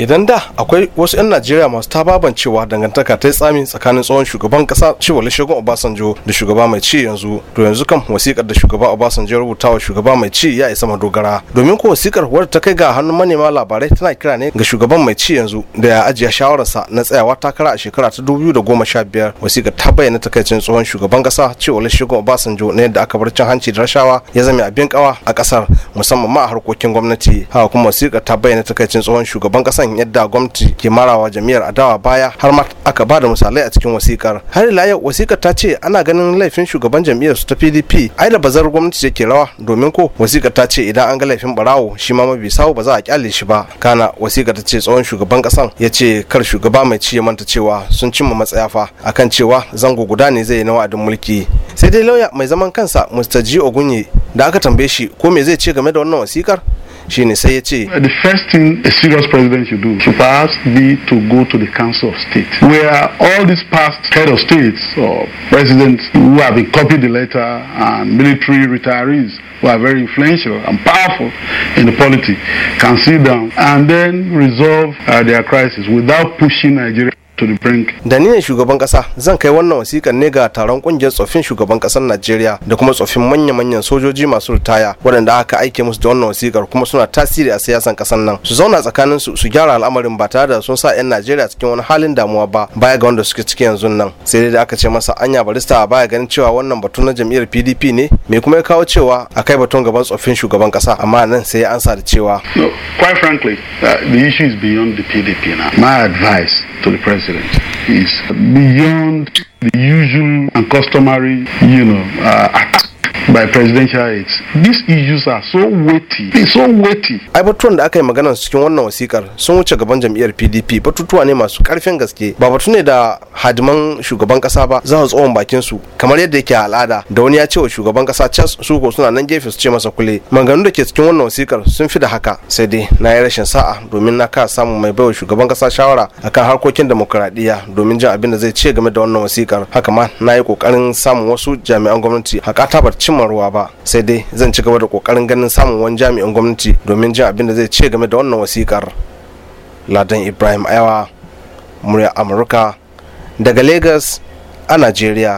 idan da akwai wasu 'yan najeriya masu tababancewa dangantaka ta tsami tsakanin tsohon shugaban kasa shiwale shagun obasanjo da shugaba mai ci yanzu to yanzu kan wasikar da shugaba obasanjo rubuta wa shugaba mai ci ya isa madogara domin ko wasikar wadda ta kai ga hannun manema labarai tana kira ne ga shugaban mai ci yanzu da ya ajiye shawararsa na tsayawa takara a shekara ta dubu da goma sha biyar wasikar ta bayyana takaicin tsohon shugaban kasa shiwale shagun obasanjo na yadda aka bar cin hanci da rashawa ya zama abin kawa a kasar musamman ma a harkokin gwamnati haka kuma wasikar ta bayyana takaicin tsohon shugaban kasan kan yadda gwamnati ke marawa jami'ar adawa baya har ma aka ba da misalai a cikin wasikar har ila yau wasikar ta ce ana ganin laifin shugaban jami'ar su ta pdp ai da bazar gwamnati ke rawa domin ko wasikar ta ce idan an ga laifin barawo shi ma mabi sawo ba za a kyale shi ba kana wasikar ta ce tsohon shugaban kasan ya ce kar shugaba mai ci ya manta cewa sun cimma matsaya fa akan cewa zango guda ne zai yi na wa'adin mulki sai dai lauya mai zaman kansa mr g ogunye da aka tambaye shi ko me zai ce game da wannan wasikar she ne the first thing a serious president should do should perhaps be to go to the council of state where all these past head of states or presidents who have been copied the letter and military retirees who are very influential and powerful in the polity can sit down and then resolve uh, their crisis without pushing Nigeria to the brink. Da ni ne shugaban kasa zan kai wannan wasikan ne ga taron kungiyar tsoffin shugaban kasar Najeriya da kuma tsoffin manya-manyan sojoji masu ritaya waɗanda aka aike musu da wannan wasikar kuma suna tasiri a siyasan kasar nan. Su zauna tsakanin su su gyara al'amarin ba tare da sun sa 'yan Najeriya cikin wani halin damuwa ba baya ga wanda suke ciki yanzu nan. Sai dai da aka ce masa anya barista a baya ganin cewa wannan batu na jam'iyyar PDP ne me kuma ya kawo cewa a kai batun gaban tsoffin shugaban kasa amma nan sai ya ansa da cewa. No, quite frankly, uh, the issue is beyond the PDP now. My advice to the president is beyond the usual and customary, you know, uh, by presidential aides. These issues are so weighty, so weighty. Ai da aka yi magana cikin wannan wasikar sun wuce gaban jam'iyyar PDP batutuwa ne masu karfin gaske ba batu ne da hadiman shugaban kasa ba za su tsohon bakin su kamar yadda yake al'ada da wani ya ce wa shugaban kasa cas su ko suna nan gefe su ce masa kule maganganu da ke cikin wannan wasikar sun fi da haka sai dai na yi rashin sa'a domin na ka samu mai baiwa shugaban kasa shawara akan harkokin demokuraɗiyya domin jin abin da zai ce game da wannan wasikar haka ma na yi kokarin samun wasu jami'an gwamnati hakata cimma ruwa ba sai dai zan ci gaba da kokarin ganin samun wani jami'in gwamnati domin jin abin da zai ce game da wannan wasikar ladan ibrahim aiwa murya amurka daga lagos a najeriya